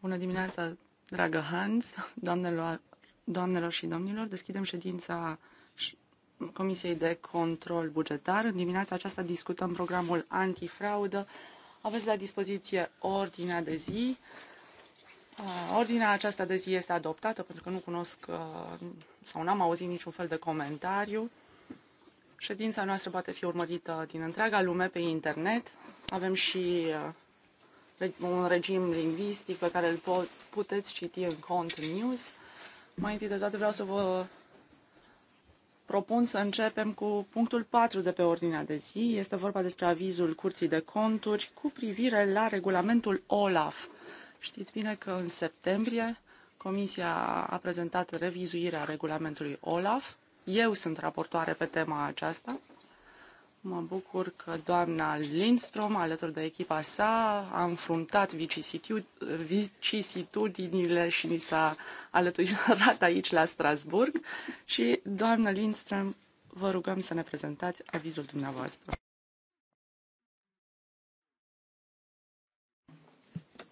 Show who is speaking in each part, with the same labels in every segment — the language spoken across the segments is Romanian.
Speaker 1: Bună dimineața, dragă Hans, doamnelor, doamnelor și domnilor. Deschidem ședința Comisiei de Control Bugetar. În dimineața aceasta discutăm programul antifraudă. Aveți la dispoziție ordinea de zi. Uh, ordinea aceasta de zi este adoptată pentru că nu cunosc uh, sau n-am auzit niciun fel de comentariu. Ședința noastră poate fi urmărită din întreaga lume pe internet. Avem și uh, un regim lingvistic pe care îl puteți citi în cont news. Mai întâi de toate vreau să vă propun să începem cu punctul 4 de pe ordinea de zi. Este vorba despre avizul Curții de Conturi cu privire la regulamentul OLAF. Știți bine că în septembrie Comisia a prezentat revizuirea regulamentului OLAF. Eu sunt raportoare pe tema aceasta. Mă bucur că doamna Lindstrom, alături de echipa sa, a înfruntat vicisitudinile și ni s-a alăturat aici la Strasburg. Și, doamna Lindstrom, vă rugăm să ne prezentați avizul dumneavoastră.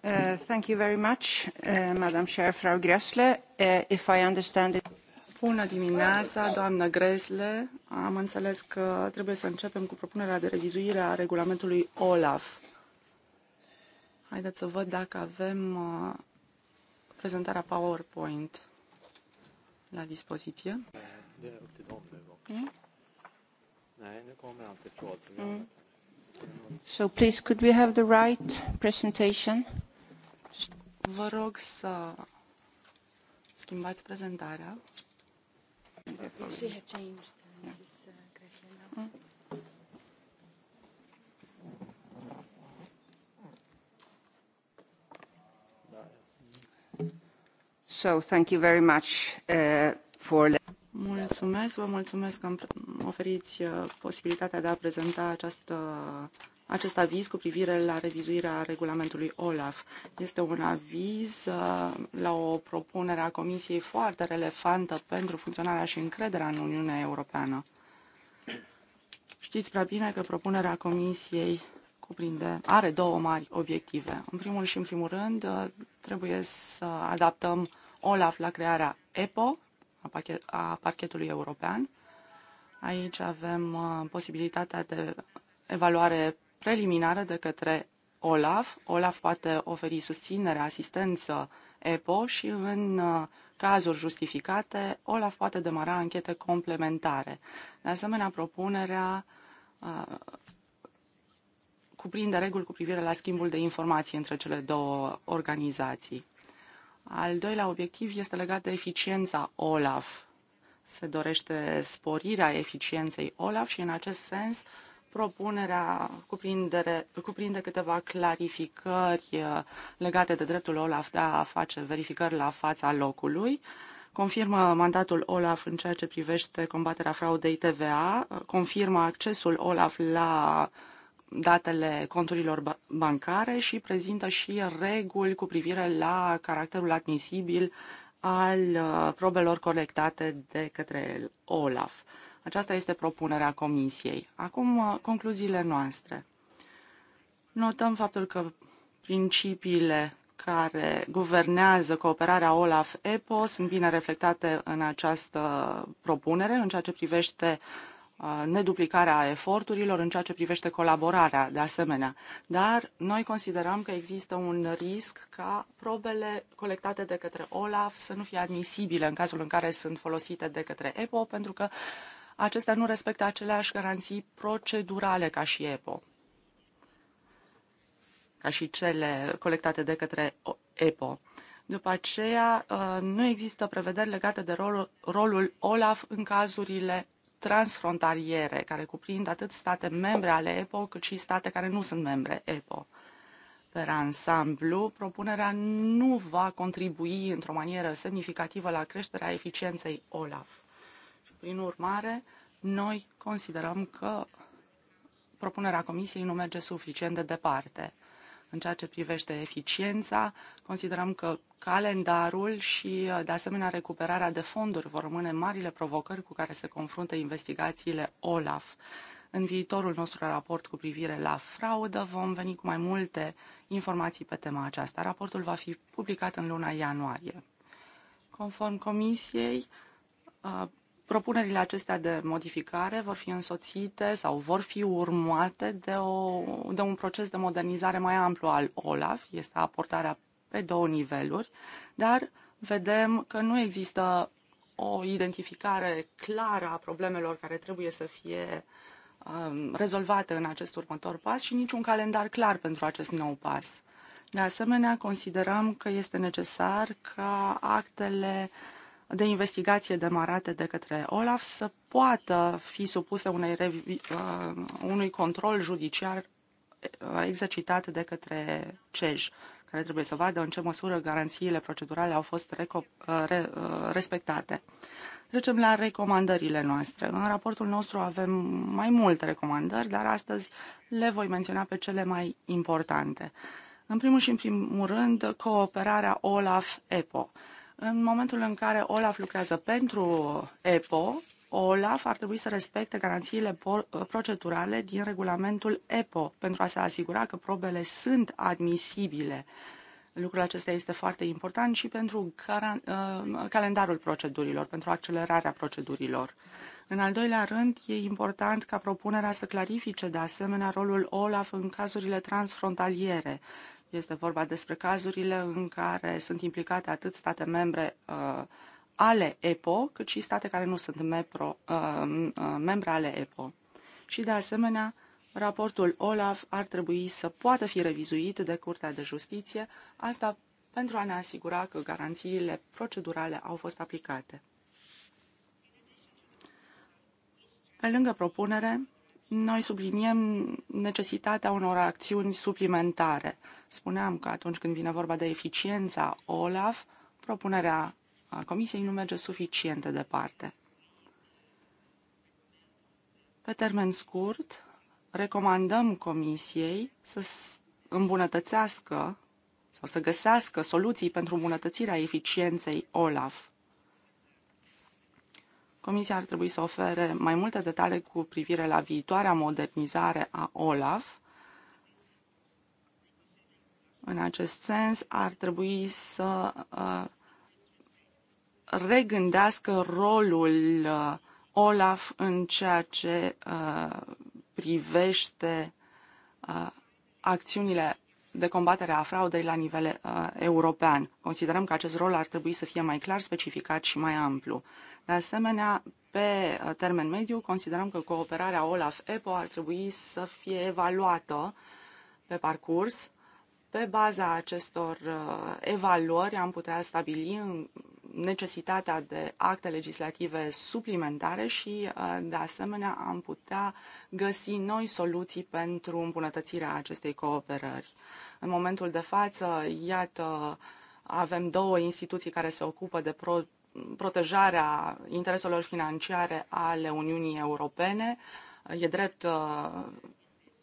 Speaker 1: Uh, thank you very much, uh, Madam Chair, Frau Gressle. Uh, if I understand it... Bună dimineața, doamnă Gresle. Am înțeles că trebuie să începem cu propunerea de revizuire a regulamentului OLAF. Haideți să văd dacă avem uh, prezentarea PowerPoint la dispoziție. Mm. So please, could we have the right presentation? Vă rog să schimbați prezentarea. Uh, so, thank you very much uh, for... Mulțumesc, vă mulțumesc că îmi oferiți uh, posibilitatea de a prezenta această acest aviz cu privire la revizuirea regulamentului OLAF. Este un aviz uh, la o propunere a Comisiei foarte relevantă pentru funcționarea și încrederea în Uniunea Europeană. Știți prea bine că propunerea Comisiei cuprinde, are două mari obiective. În primul și în primul rând, uh, trebuie să adaptăm OLAF la crearea EPO, a, pachet, a parchetului european. Aici avem uh, posibilitatea de evaluare preliminară de către OLAF. OLAF poate oferi susținere, asistență EPO și în uh, cazuri justificate, OLAF poate demara anchete complementare. De asemenea, propunerea uh, cuprinde reguli cu privire la schimbul de informații între cele două organizații. Al doilea obiectiv este legat de eficiența OLAF. Se dorește sporirea eficienței OLAF și în acest sens uh, Propunerea cuprindere, cuprinde câteva clarificări uh, legate de dreptul OLAF de a face verificări la fața locului, confirmă mandatul OLAF în ceea ce privește combaterea fraudei TVA, uh, confirmă accesul OLAF la datele conturilor bancare și prezintă și reguli cu privire la caracterul admisibil al uh, probelor colectate de către OLAF. Aceasta este propunerea Comisiei. Acum, uh, concluziile noastre. Notăm faptul că principiile care guvernează cooperarea OLAF-EPO sunt bine reflectate în această propunere în ceea ce privește uh, neduplicarea eforturilor în ceea ce privește colaborarea, de asemenea. Dar noi considerăm că există un risc ca probele colectate de către OLAF să nu fie admisibile în cazul în care sunt folosite de către EPO, pentru că acestea nu respectă aceleași garanții procedurale ca și EPO, ca și cele colectate de către EPO. După aceea, uh, nu există prevederi legate de rolul, rolul OLAF în cazurile transfrontaliere, care cuprind atât state membre ale EPO, cât și state care nu sunt membre EPO. Per ansamblu, propunerea nu va contribui într-o manieră semnificativă la creșterea eficienței OLAF. Și, prin urmare, noi considerăm că propunerea Comisiei nu merge suficient de departe. În ceea ce privește eficiența, considerăm că calendarul și, uh, de asemenea, recuperarea de fonduri vor rămâne marile provocări cu care se confruntă investigațiile OLAF. În viitorul nostru raport cu privire la fraudă vom veni cu mai multe informații pe tema aceasta. Raportul va fi publicat în luna ianuarie. Conform Comisiei, uh, Propunerile acestea de modificare vor fi însoțite sau vor fi urmate de, o, de un proces de modernizare mai amplu al OLAF, este aportarea pe două niveluri, dar vedem că nu există o identificare clară a problemelor care trebuie să fie um, rezolvate în acest următor pas și niciun calendar clar pentru acest nou pas. De asemenea, considerăm că este necesar ca actele uh, de investigație demarate de către OLAF să poată fi supuse unei revi, uh, unui control judiciar uh, exercitat de către CEJ, care trebuie să vadă în ce măsură garanțiile procedurale au fost uh, re, uh, respectate. Trecem la recomandările noastre. În raportul nostru avem mai multe recomandări, dar astăzi le voi menționa pe cele mai importante. În primul și în primul rând, cooperarea OLAF-EPO. Uh, în momentul în care OLAF lucrează pentru EPO, OLAF ar trebui să respecte garanțiile uh, procedurale din regulamentul EPO pentru a se asigura că probele sunt admisibile. Lucrul acesta este foarte important și pentru uh, calendarul procedurilor, pentru accelerarea procedurilor. În al doilea rând, e important ca propunerea să clarifice de asemenea rolul OLAF în cazurile transfrontaliere este vorba despre cazurile în care sunt implicate atât state membre uh, ale EPO, cât și state care nu sunt mepro, uh, uh membre ale EPO. Și de asemenea, raportul OLAF ar trebui să poată fi revizuit de Curtea de Justiție, asta pentru a ne asigura că garanțiile procedurale au fost aplicate. Pe lângă propunere, noi subliniem necesitatea unor acțiuni suplimentare Spuneam că atunci când vine vorba de eficiența OLAF, propunerea Comisiei nu merge suficient de departe. Pe termen scurt, recomandăm Comisiei să îmbunătățească sau să găsească soluții pentru îmbunătățirea eficienței OLAF. Comisia ar trebui să ofere mai multe detalii cu privire la viitoarea modernizare a OLAF în acest sens, ar trebui să uh, regândească rolul uh, Olaf în ceea ce uh, privește acțiunile de combatere a fraudei la nivel uh, european. Considerăm că acest rol ar trebui să fie mai clar specificat și mai amplu. De asemenea, pe termen mediu, considerăm că cooperarea OLAF-EPO ar trebui să fie evaluată pe parcurs pe baza acestor uh, evaluări am putea stabili necesitatea de acte legislative suplimentare și, uh, de asemenea, am putea găsi noi soluții pentru îmbunătățirea acestei cooperări. În momentul de față, iată, avem două instituții care se ocupă de pro- protejarea intereselor financiare ale Uniunii Europene. E drept, uh,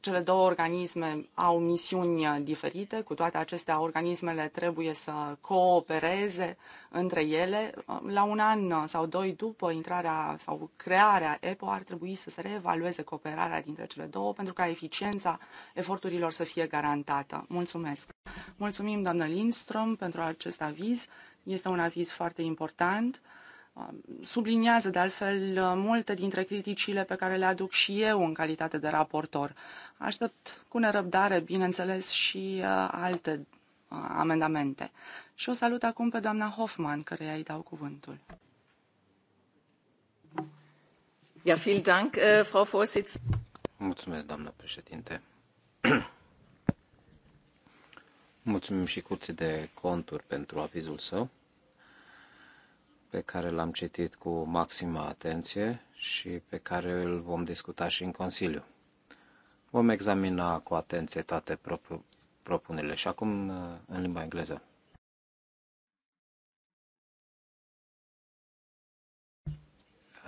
Speaker 1: cele două organisme au misiuni uh, diferite, cu toate acestea organismele trebuie să coopereze între ele. Uh, la un an uh, sau doi după intrarea sau crearea EPO ar trebui să se reevalueze cooperarea dintre cele două pentru ca eficiența eforturilor să fie garantată. Mulțumesc! Mulțumim, doamnă Lindström, pentru acest aviz. Este un aviz foarte important subliniază de altfel multe dintre criticile pe care le aduc și eu în calitate de raportor. Aștept cu nerăbdare, bineînțeles, și uh, alte uh, amendamente. Și o salut acum pe doamna Hoffman, care îi dau cuvântul.
Speaker 2: Ja, vielen Dank, äh, Frau Vorsitzende.
Speaker 3: Mulțumesc, doamnă președinte. Mulțumim și curții de conturi pentru avizul său pe care l-am citit cu maximă atenție și pe care îl vom discuta și în Consiliu. Vom examina cu atenție toate propunerile și acum uh, în limba engleză.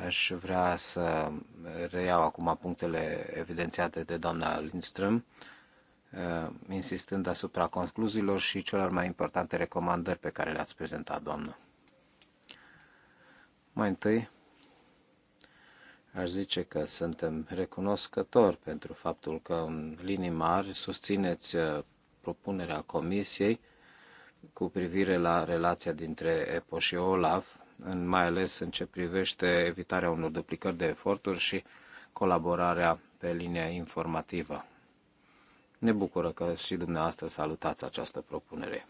Speaker 3: Aș vrea să reiau acum punctele evidențiate de doamna Lindström, uh, insistând asupra concluziilor și celor mai importante recomandări pe care le-ați prezentat, doamnă. Mai întâi, aș zice că suntem recunoscători pentru faptul că în linii mari susțineți uh, propunerea Comisiei cu privire la relația dintre EPO și OLAF, în, mai ales în ce privește evitarea unor duplicări de eforturi și colaborarea pe linia informativă. Ne bucură că și dumneavoastră salutați această propunere.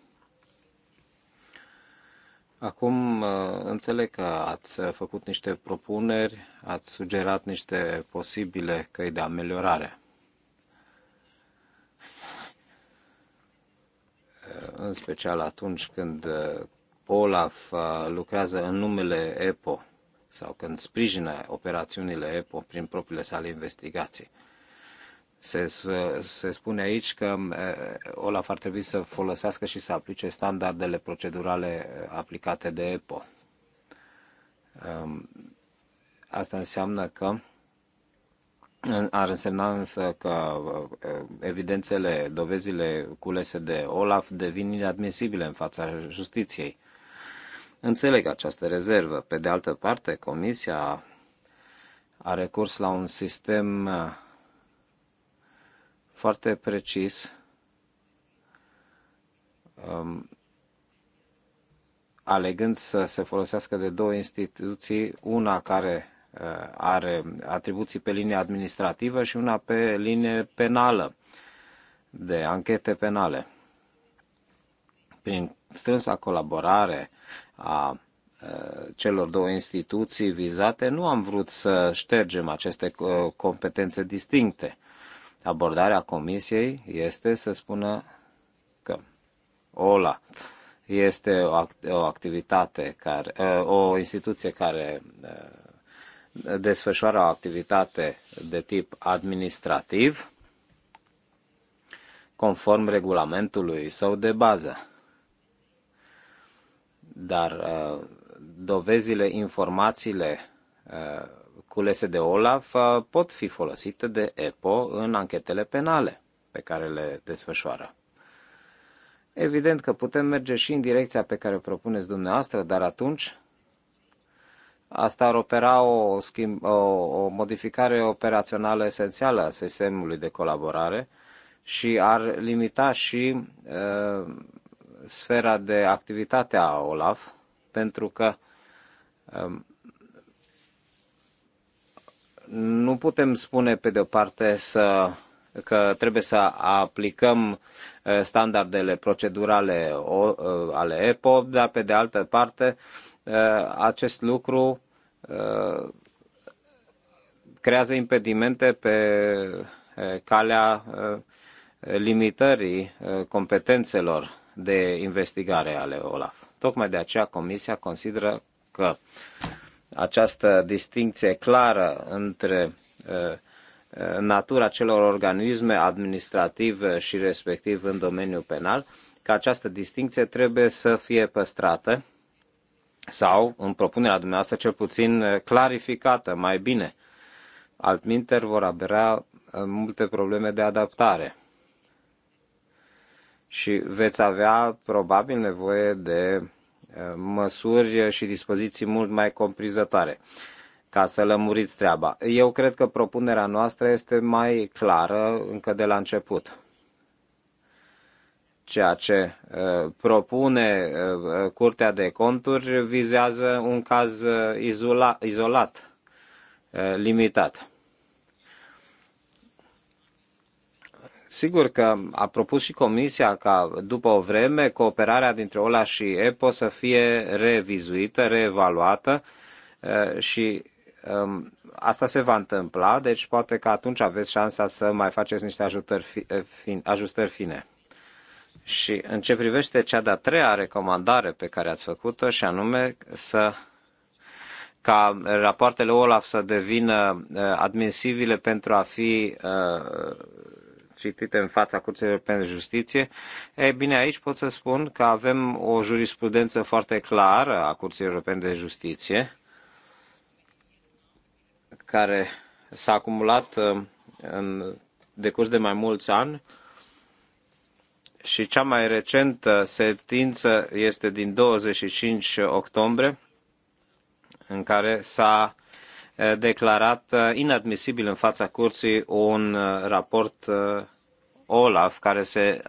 Speaker 3: Acum uh, înțeleg că ați uh, făcut niște propuneri, ați sugerat niște posibile căi de ameliorare. Uh, în special atunci când Olaf lucrează în numele EPO sau când sprijină operațiunile EPO prin propriile sale investigații. Se, se spune aici că Olaf ar trebui să folosească și să aplice standardele procedurale aplicate de EPO. Asta înseamnă că ar însemna însă că evidențele, dovezile culese de Olaf devin inadmisibile în fața justiției. Înțeleg această rezervă. Pe de altă parte, Comisia a recurs la un sistem foarte precis um, alegând să se folosească de două instituții, una care uh, are atribuții pe linie administrativă și una pe linie penală, de anchete penale. Prin strânsa colaborare a uh, celor două instituții vizate, nu am vrut să ștergem aceste uh, competențe distincte abordarea Comisiei este să spună că ola, este o, act- o activitate care, ă, o instituție care ă, desfășoară o activitate de tip administrativ conform regulamentului său de bază. Dar ă, dovezile, informațiile culese de Olaf pot fi folosite de EPO în anchetele penale pe care le desfășoară. Evident că putem merge și în direcția pe care o propuneți dumneavoastră, dar atunci asta ar opera o, schimb, o, o modificare operațională esențială a sistemului de colaborare și ar limita și e, sfera de activitate a OLAF, pentru că nu putem spune pe de o parte să, că trebuie să aplicăm standardele procedurale ale EPO, dar pe de altă parte acest lucru creează impedimente pe calea limitării competențelor de investigare ale OLAF. Tocmai de aceea Comisia consideră că această distinție clară între uh, uh, natura celor organisme administrative și respectiv în domeniul penal, că această distinție trebuie să fie păstrată sau, în propunerea dumneavoastră, cel puțin clarificată mai bine. Altminteri vor avea uh, multe probleme de adaptare și veți avea probabil nevoie de Uh, măsuri și dispoziții mult mai comprizătoare ca să lămuriți treaba. Eu cred că propunerea noastră este mai clară încă de la început. Ceea ce uh, propune uh, Curtea de Conturi vizează un caz izolat, limitat. Sigur că a propus și Comisia ca după o vreme cooperarea dintre OLA și EPO să fie revizuită, reevaluată și um, asta se va întâmpla, deci poate că atunci aveți șansa să mai faceți niște ajutări fi, ajustări fine. Și în ce privește cea de-a treia recomandare pe care ați făcut-o, și anume să ca rapoartele OLAF să devină admisibile pentru a fi citite în fața Curții de Justiție, e bine, aici pot să spun că avem o jurisprudență foarte clară a Curții Europene de Justiție, care s-a acumulat uh, în decurs de mai mulți ani și cea mai recentă sentință este din 25 octombrie, în care s-a Eh, declarat eh, inadmisibil în fața curții un eh, raport OLAF care se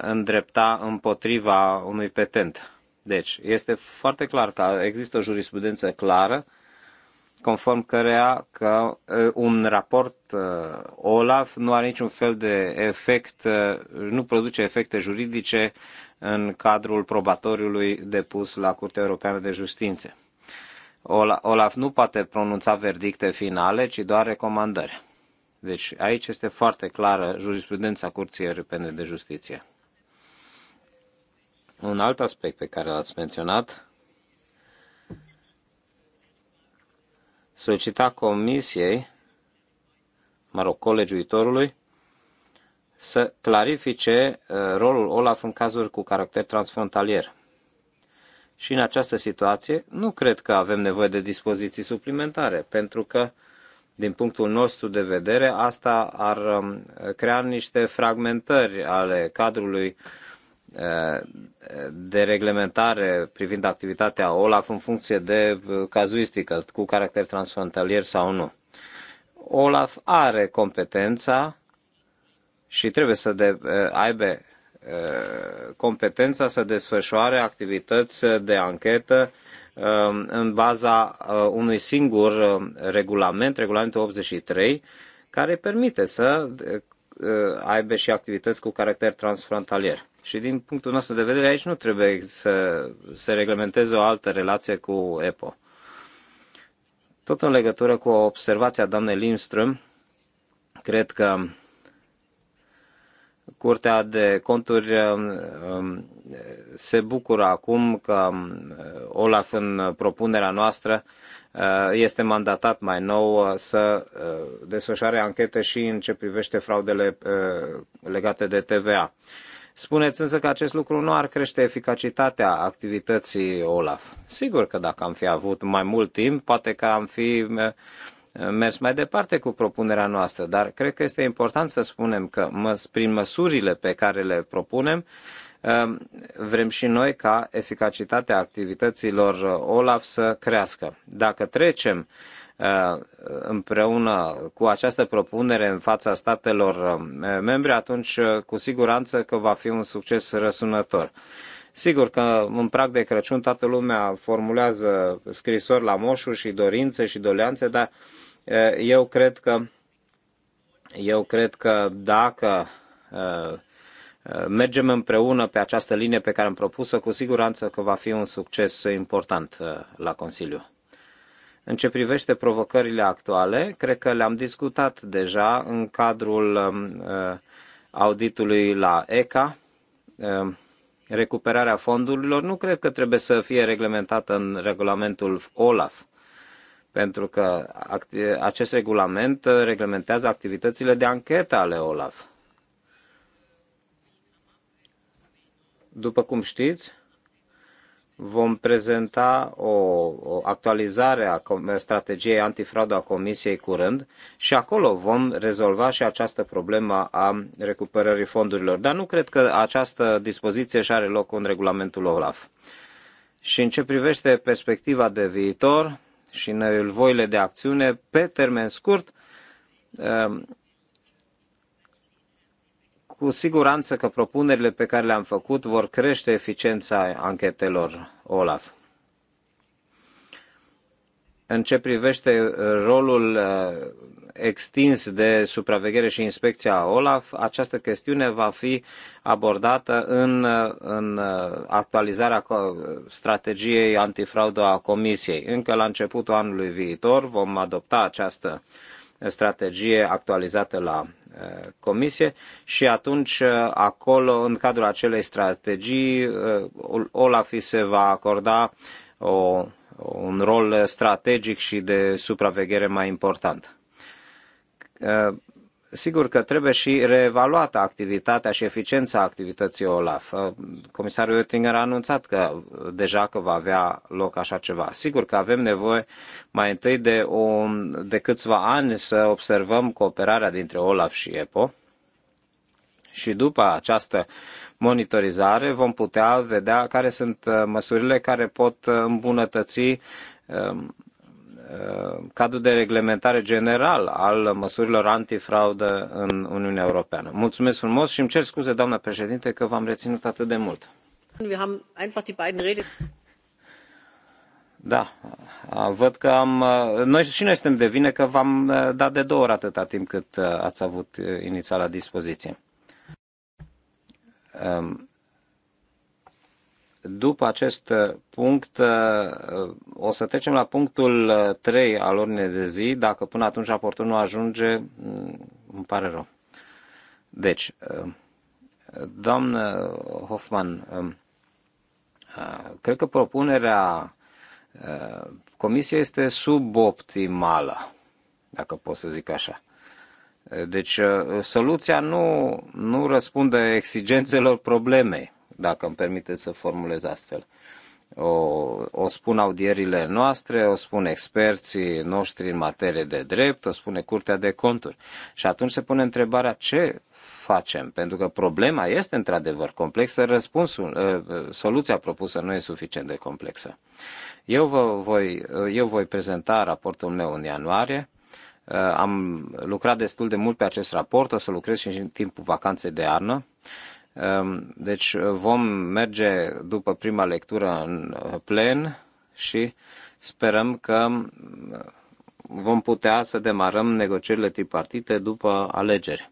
Speaker 3: îndrepta împotriva unui petent. Deci, este foarte clar că există o jurisprudență clară conform cărea că un raport OLAF nu are niciun fel de efect, nu produce efecte juridice în cadrul probatoriului depus la Curtea Europeană de Justiție. Olaf nu poate pronunța verdicte finale, ci doar recomandări. Deci aici este foarte clară jurisprudența Curții Europene de Justiție. Un alt aspect pe care l-ați menționat, solicita Comisiei, mă rog, colegiuitorului, să clarifice uh, rolul Olaf în cazuri cu caracter transfrontalier. Și în această situație nu cred că avem nevoie de dispoziții suplimentare, pentru că, din punctul nostru de vedere, asta ar um, crea niște fragmentări ale cadrului uh, de reglementare privind activitatea OLAF în funcție de uh, cazuistică, cu caracter transfrontalier sau nu. OLAF are competența și trebuie să de, uh, aibă competența să desfășoare activități de anchetă um, în baza uh, unui singur uh, regulament, regulamentul 83, care permite să uh, aibă și activități cu caracter transfrontalier. Și din punctul nostru de vedere, aici nu trebuie să se reglementeze o altă relație cu EPO. Tot în legătură cu observația doamnei Lindström, cred că Curtea de conturi um, um, se bucură acum că um, Olaf în propunerea noastră uh, este mandatat mai nou uh, să uh, desfășoare anchete și în ce privește fraudele legate de TVA. Spuneți însă că acest lucru nu ar crește eficacitatea activității OLAF. Sigur că dacă am fi avut mai mult timp, poate că am fi mers mai departe cu propunerea noastră, dar cred că este important să spunem că prin măsurile pe care le propunem, um, vrem și noi ca eficacitatea activităților uh, OLAF să crească. Dacă trecem uh, împreună cu această propunere în fața statelor uh, membre, atunci cu siguranță că va fi un succes răsunător. Sigur că în prag de Crăciun toată lumea formulează scrisori la moșuri și dorințe și doleanțe, dar eu cred că eu cred că dacă mergem împreună pe această linie pe care am propus-o, cu siguranță că va fi un succes important la Consiliu. În ce privește provocările actuale, cred că le-am discutat deja în cadrul auditului la ECA recuperarea fondurilor nu cred că trebuie să fie reglementată în regulamentul OLAF, pentru că acest regulament uh, reglementează activitățile de anchetă ale OLAF. După cum știți, vom prezenta o, o actualizare a strategiei antifraudă a Comisiei curând și acolo vom rezolva și această problemă a recuperării fondurilor. Dar nu cred că această dispoziție și are loc în regulamentul OLAF. Și în ce privește perspectiva de viitor și nevoile de acțiune, pe termen scurt, cu siguranță că propunerile pe care le-am făcut vor crește eficiența anchetelor OLAF. În ce privește uh, rolul uh, extins de supraveghere și inspecția OLAF, această chestiune va fi abordată în, uh, în actualizarea strategiei antifraudă a Comisiei. Încă la începutul anului viitor vom adopta această strategie actualizată la comisie și atunci uh, acolo, în cadrul acelei strategii, uh, OLAF se va acorda o, un rol strategic și de supraveghere mai important uh, Sigur că trebuie și reevaluată activitatea și eficiența activității OLAF. Uh, comisarul Oettinger a anunțat că uh, deja că va avea loc așa ceva. Sigur că avem nevoie mai întâi de, o, de câțiva ani să observăm cooperarea dintre OLAF și EPO și după această monitorizare vom putea vedea care sunt uh, măsurile care pot îmbunătăți um, Uh, cadru de reglementare general al măsurilor antifraudă în Uniunea Europeană. Mulțumesc frumos și îmi cer scuze, doamna președinte, că v-am reținut atât de mult. Da, uh, văd că am... Uh, noi și noi suntem de vină că v-am dat de două ori atâta timp cât ați avut inițial la dispoziție. Um, după acest uh, punct uh, uh, o să trecem la punctul 3 al ordinei de zi. Dacă până atunci raportul nu ajunge, mm, îmi pare rău. Deci, doamnă Hoffman, um, cred că propunerea comisiei este suboptimală, dacă pot să zic așa. Deci, soluția nu, nu răspunde exigențelor problemei dacă îmi permiteți să formulez astfel. O, o spun audierile noastre, o spun experții noștri în materie de drept, o spune Curtea de Conturi. Și atunci se pune întrebarea ce facem, pentru că problema este într-adevăr complexă, răspunsul, ă, ă, soluția propusă nu e suficient de complexă. Eu, vă voi, eu voi prezenta raportul meu în ianuarie, ă, am lucrat destul de mult pe acest raport, o să lucrez și în timpul vacanței de iarnă Ehm, deci uh, vom merge după prima lectură în uh, plen și sperăm că mm, vom putea să demarăm negocierile tripartite după alegeri.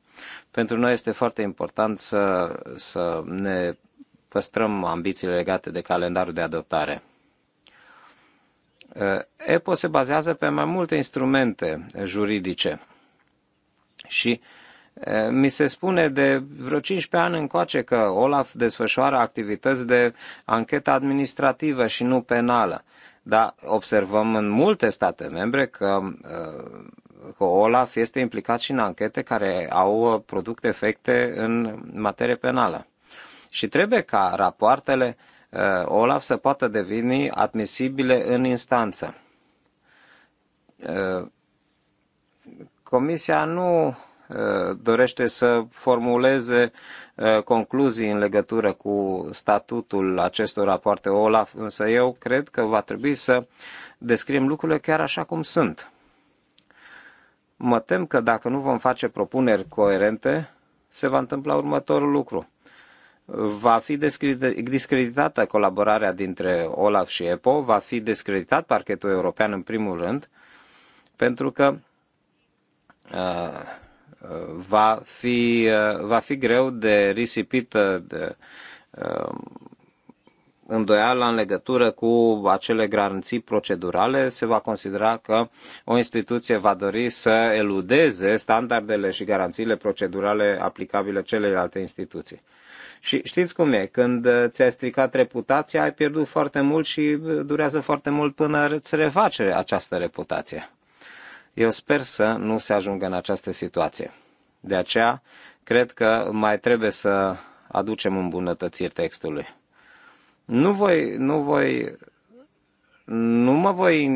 Speaker 3: Pentru noi este foarte important să, să ne păstrăm ambițiile legate de calendarul de adoptare. Uh, EPO se bazează pe mai multe instrumente juridice și uh, mi se spune de vreo 15 ani încoace că Olaf desfășoară activități de anchetă administrativă și nu penală. Dar observăm în multe state membre că, că Olaf este implicat și în anchete care au product efecte în materie penală. Și trebuie ca rapoartele Olaf să poată deveni admisibile în instanță. Comisia nu dorește să formuleze uh, concluzii în legătură cu statutul acestor rapoarte OLAF, însă eu cred că va trebui să descriem lucrurile chiar așa cum sunt. Mă tem că dacă nu vom face propuneri coerente, se va întâmpla următorul lucru. Va fi discreditată colaborarea dintre OLAF și EPO, va fi discreditat parchetul european în primul rând, pentru că uh, va fi, va fi greu de risipită de um, îndoiala în legătură cu acele garanții procedurale, se va considera că o instituție va dori să eludeze standardele și garanțiile procedurale aplicabile celelalte instituții. Și știți cum e, când ți-ai stricat reputația, ai pierdut foarte mult și durează foarte mult până îți reface această reputație. Eu sper să nu se ajungă în această situație. De aceea, cred că mai trebuie să aducem îmbunătățiri textului. Nu voi, nu voi, nu mă voi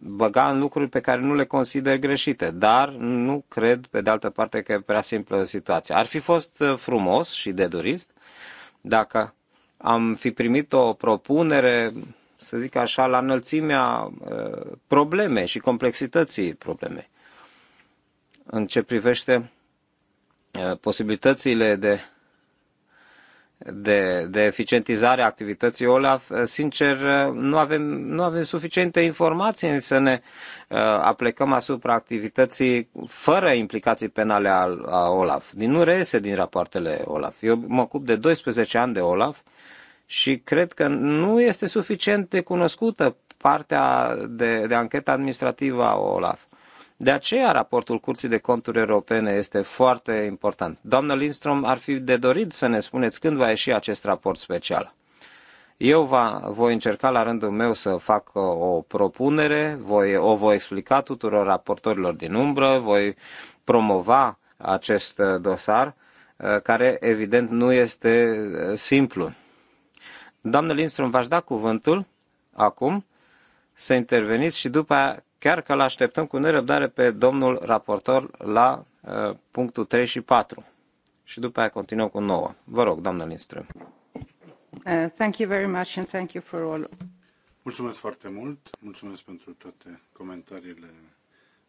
Speaker 3: băga în lucruri pe care nu le consider greșite, dar nu cred, pe de altă parte, că e prea simplă situația. Ar fi fost uh, frumos și de dorit dacă am fi primit o propunere să zic așa, la înălțimea uh, problemei și complexității problemei. În ce privește uh, posibilitățile de, de, de eficientizare a activității OLAF, uh, sincer, nu avem, nu avem suficiente informații să ne aplicăm asupra activității fără implicații penale a, a OLAF. Din nu reiese din rapoartele OLAF. Eu mă ocup de 12 ani de OLAF și cred că nu este suficient de cunoscută partea de, de anchetă administrativă a OLAF. De aceea raportul Curții de Conturi Europene este foarte important. Doamnă Lindstrom, ar fi de dorit să ne spuneți când va ieși acest raport special. Eu va, voi încerca la rândul meu să fac o propunere, voi, o voi explica tuturor raportorilor din umbră, voi promova acest dosar, eh, care evident nu este eh, simplu. Doamnă Lindström, v-aș da cuvântul acum să interveniți și după aia chiar că îl așteptăm cu nerăbdare pe domnul raportor la uh, punctul 3 și 4. Și după aia continuăm cu 9. Vă rog, doamnă Lindström.
Speaker 1: Uh, thank you very much and thank you for all.
Speaker 2: Mulțumesc foarte mult, mulțumesc pentru toate comentariile.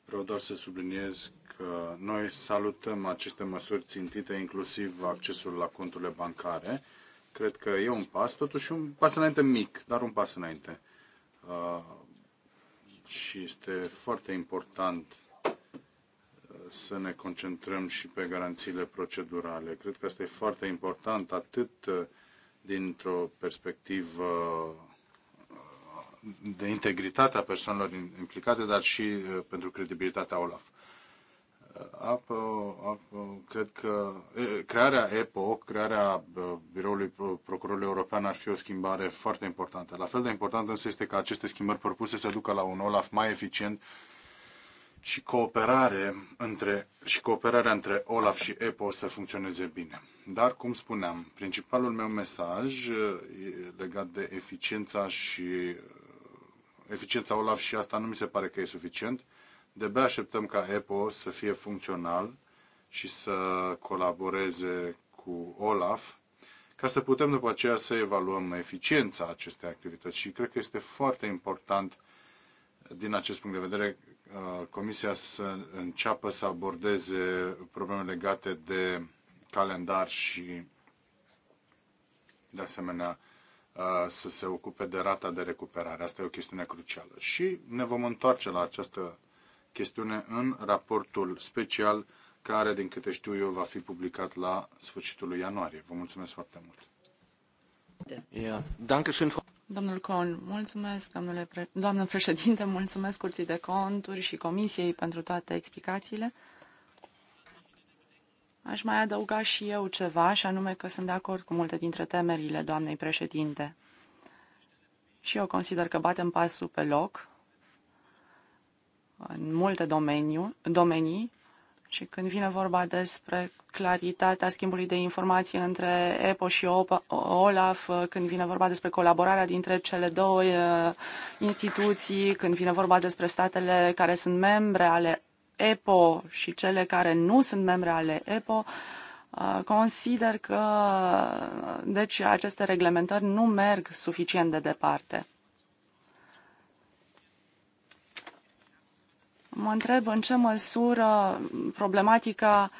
Speaker 2: Vreau doar să subliniez că noi salutăm aceste măsuri țintite, inclusiv accesul la conturile bancare Cred că e un pas, totuși un pas înainte mic, dar un pas înainte. Uh, și este foarte important uh, să ne concentrăm și pe garanțiile procedurale. Cred că asta e foarte important, atât uh, dintr-o perspectivă de integritate a persoanelor implicate, dar și pentru credibilitatea OLAF. Apo, Apo, cred că crearea EPO, crearea Biroului Procurorului European ar fi o schimbare foarte importantă. La fel de important însă este ca aceste schimbări propuse să ducă la un OLAF mai eficient și cooperare între, și cooperarea între OLAF și EPO să funcționeze bine. Dar, cum spuneam, principalul meu mesaj legat de eficiența și eficiența OLAF și asta nu mi se pare că e suficient, de-abia așteptăm ca EPO să fie funcțional și să colaboreze cu OLAF ca să putem după aceea să evaluăm eficiența acestei activități. Și cred că este foarte important din acest punct de vedere uh, Comisia să înceapă să abordeze probleme legate de calendar și de asemenea uh, să se ocupe de rata de recuperare. Asta e o chestiune crucială. Și ne vom întoarce la această chestiune în raportul special care, din câte știu eu, va fi publicat la sfârșitul lui ianuarie. Vă mulțumesc foarte mult.
Speaker 1: Yeah. Domnul Con, mulțumesc, domnule pre- doamnă președinte, mulțumesc Curții de Conturi și Comisiei pentru toate explicațiile. Aș mai adăuga și eu ceva, și anume că sunt de acord cu multe dintre temerile doamnei președinte. Și eu consider că batem pasul pe loc în multe domeniu, domenii și când vine vorba despre claritatea schimbului de informații între EPO și OLAF, când vine vorba despre colaborarea dintre cele două uh, instituții, când vine vorba despre statele care sunt membre ale EPO și cele care nu sunt membre ale EPO, uh, consider că deci aceste reglementări nu merg suficient de departe. mă întreb în ce măsură problematica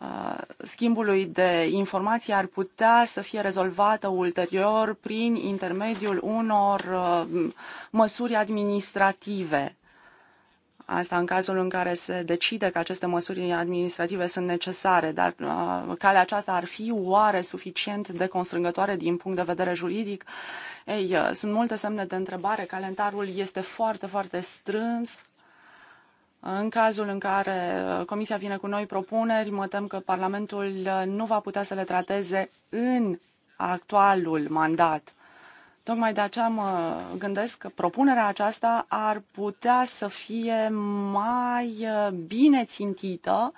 Speaker 1: uh, schimbului de informații ar putea să fie rezolvată ulterior prin intermediul unor uh, măsuri administrative. Asta în cazul în care se decide că aceste măsuri administrative sunt necesare, dar uh, calea aceasta ar fi oare suficient de constrângătoare din punct de vedere juridic? Ei, sunt multe semne de întrebare, calendarul este foarte, foarte strâns, în cazul în care uh, Comisia vine cu noi propuneri, mă tem că Parlamentul uh, nu va putea să le trateze în actualul mandat. Tocmai de aceea mă gândesc că propunerea aceasta ar putea să fie mai uh, bine țintită,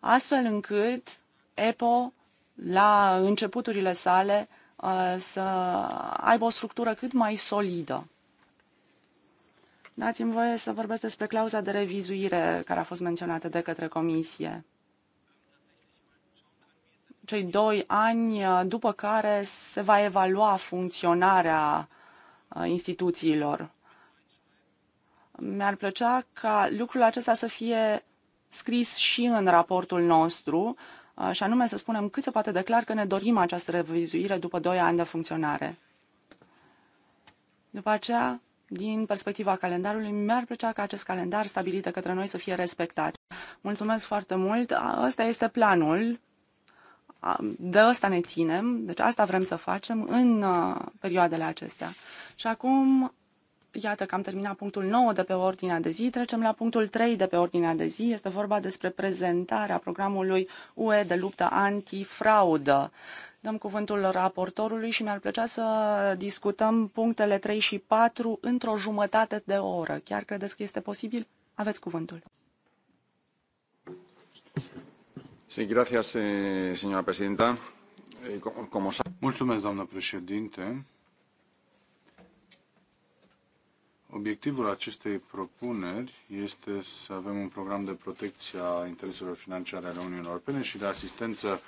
Speaker 1: astfel încât EPO, la începuturile sale, să aibă o structură cât mai solidă. Dați-mi voie să vorbesc despre clauza de revizuire care a fost menționată de către Comisie. Cei doi ani uh, după care se va evalua funcționarea uh, instituțiilor. Mi-ar plăcea ca lucrul acesta să fie scris și în raportul nostru, uh, și anume să spunem cât se poate de clar că ne dorim această revizuire după doi ani de funcționare. După aceea, din perspectiva calendarului, mi-ar plăcea ca acest calendar stabilit de către noi să fie respectat. Mulțumesc foarte mult. Asta este planul. De asta ne ținem, deci asta vrem să facem în perioadele acestea. Și acum iată că am terminat punctul 9 de pe ordinea de zi, trecem la punctul 3 de pe ordinea de zi. Este vorba despre prezentarea programului UE de luptă antifraudă dăm cuvântul raportorului și mi-ar plăcea să discutăm punctele 3 și 4 într-o jumătate de oră. Chiar credeți că este posibil? Aveți cuvântul.
Speaker 2: Sí, gracias, eh, señora presidenta. Eh, como... Mulțumesc, doamnă președinte. Obiectivul acestei propuneri este să avem un program de protecție a intereselor financiare ale Uniunii Europene și de asistență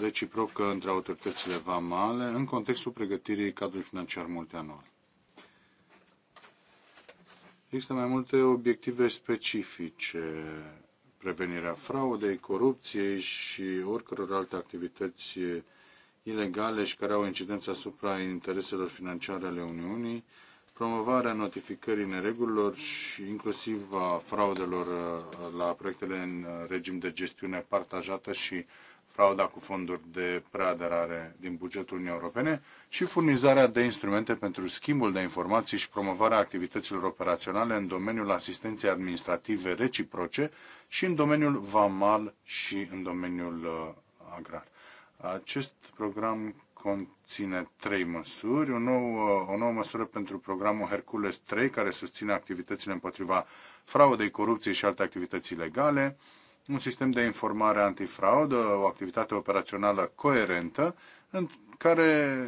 Speaker 2: reciprocă între autoritățile vamale în contextul pregătirii cadrului financiar multianual. Există mai multe obiective specifice, prevenirea fraudei, corupției și oricăror alte activități ilegale și care au incidență asupra intereselor financiare ale Uniunii, promovarea notificării neregulilor și inclusiv a fraudelor uh, la proiectele în uh, regim de gestiune partajată și frauda cu fonduri de preaderare din bugetul Uniunii Europene și furnizarea de instrumente pentru schimbul de informații și promovarea activităților operaționale în domeniul asistenței administrative reciproce și în domeniul vamal și în domeniul uh, agrar. Acest program conține trei măsuri. O nouă, uh, o nouă măsură pentru programul Hercules 3, care susține activitățile împotriva fraudei, corupției și alte activități ilegale un sistem de informare antifraudă, o activitate operațională coerentă, în care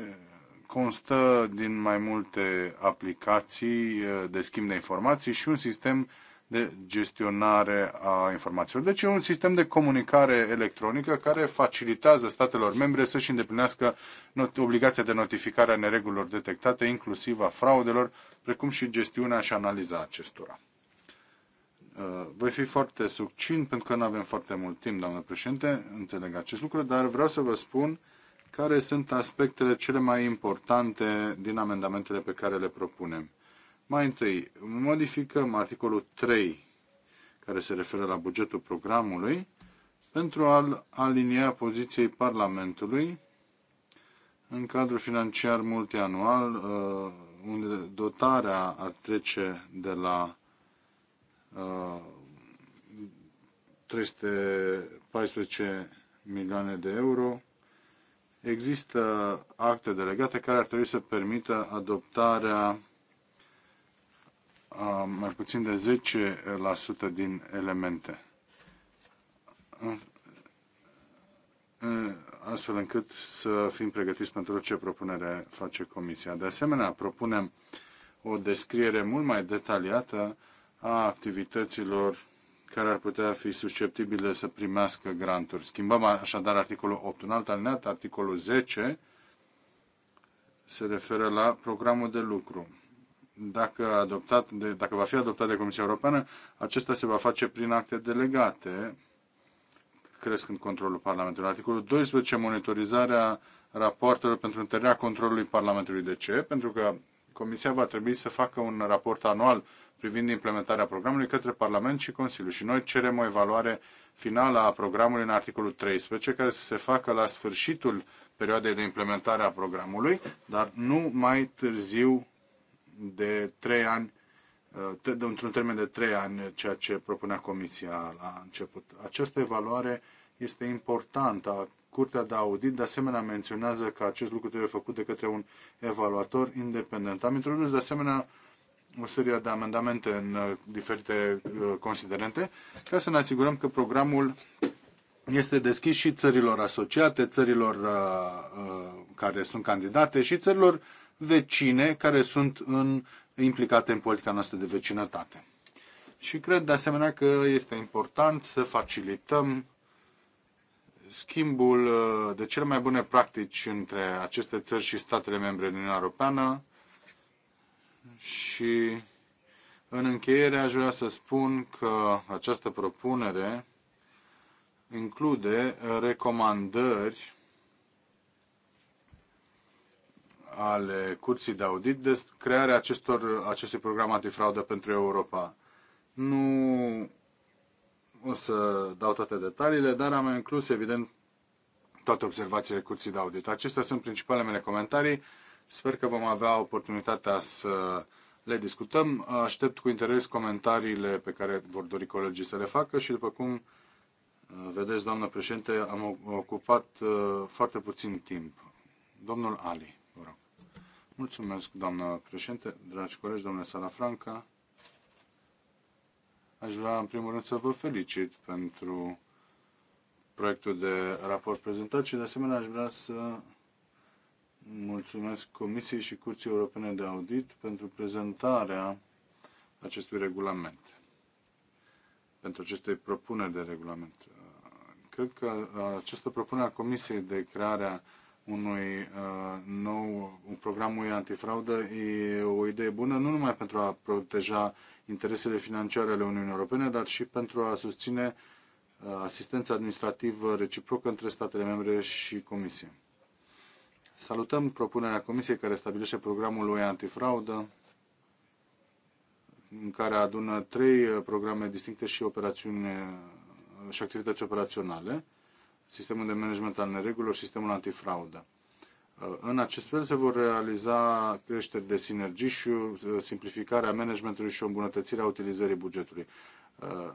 Speaker 2: constă din mai multe aplicații eh, de schimb de informații și un sistem de gestionare a informațiilor. Deci e un sistem de comunicare electronică care facilitează statelor membre să-și îndeplinească obligația de notificare a neregulilor detectate, inclusiv a fraudelor, precum și gestiunea și analiza acestora. Uh, voi fi foarte succint pentru că nu avem foarte mult timp, doamnă președinte, înțeleg acest lucru, dar vreau să vă spun care sunt aspectele cele mai importante din amendamentele pe care le propunem. Mai întâi, modificăm articolul 3, care se referă la bugetul programului, pentru a alinia poziției Parlamentului în cadrul financiar multianual, uh, unde dotarea ar trece de la 314 milioane de euro. Există acte delegate care ar trebui să permită adoptarea a mai puțin de 10% din elemente. Astfel încât să fim pregătiți pentru orice propunere face Comisia. De asemenea, propunem o descriere mult mai detaliată a activităților care ar putea fi susceptibile să primească granturi. Schimbăm așadar articolul 8. Un alt alineat, articolul 10, se referă la programul de lucru. Dacă, adoptat de, dacă va fi adoptat de Comisia Europeană, acesta se va face prin acte delegate, crescând controlul Parlamentului. Articolul 12, monitorizarea rapoartelor pentru întărirea controlului Parlamentului. De ce? Pentru că Comisia va trebui să facă un raport anual privind implementarea programului către Parlament și Consiliu. Și noi cerem o evaluare finală a programului în articolul 13, care să se facă la sfârșitul perioadei de implementare a programului, dar nu mai târziu de 3 ani, ă, într-un termen de 3 ani, ceea ce propunea Comisia la început. Această evaluare este importantă a Curtea de Audit, de asemenea, menționează că acest lucru trebuie făcut de către un evaluator independent. Am introdus, de asemenea, o serie de amendamente în uh, diferite uh, considerente ca să ne asigurăm că programul este deschis și țărilor asociate, țărilor uh, care sunt candidate și țărilor vecine care sunt în, implicate în politica noastră de vecinătate. Și cred de asemenea că este important să facilităm schimbul uh, de cele mai bune practici între aceste țări și statele membre din Uniunea Europeană și în încheiere aș vrea să spun că această propunere include uh, recomandări ale curții de audit de crearea acestor, acestui program antifraudă pentru Europa. Nu o să dau toate detaliile, dar am inclus, evident, toate observațiile curții de audit. Acestea sunt principalele mele comentarii. Sper că vom avea oportunitatea să le discutăm. Aștept cu interes comentariile pe care vor dori colegii să le facă și, după cum uh, vedeți, doamnă președinte, am ocupat uh, foarte puțin timp. Domnul Ali, vă rog. Mulțumesc, doamnă președinte, dragi colegi, domnule Franca. Aș vrea, în primul rând, să vă felicit pentru proiectul de raport prezentat și, de asemenea, aș vrea să mulțumesc Comisiei și Curții Europene de Audit pentru prezentarea acestui regulament, pentru acestei propuneri de regulament. Cred că uh, această propunere a Comisiei de crearea unui uh, nou un program antifraudă e o idee bună, nu numai pentru a proteja interesele financiare ale Uniunii Europene, dar și pentru a susține uh, asistența administrativă reciprocă între statele membre și Comisie. Salutăm propunerea Comisiei care stabilește programul UE antifraudă, în care adună trei uh, programe distincte și operațiuni uh, și activități operaționale, sistemul de management al neregulilor și sistemul antifraudă. În acest fel se vor realiza creșteri de sinergii și uh, simplificarea managementului și o îmbunătățire a utilizării bugetului. Uh,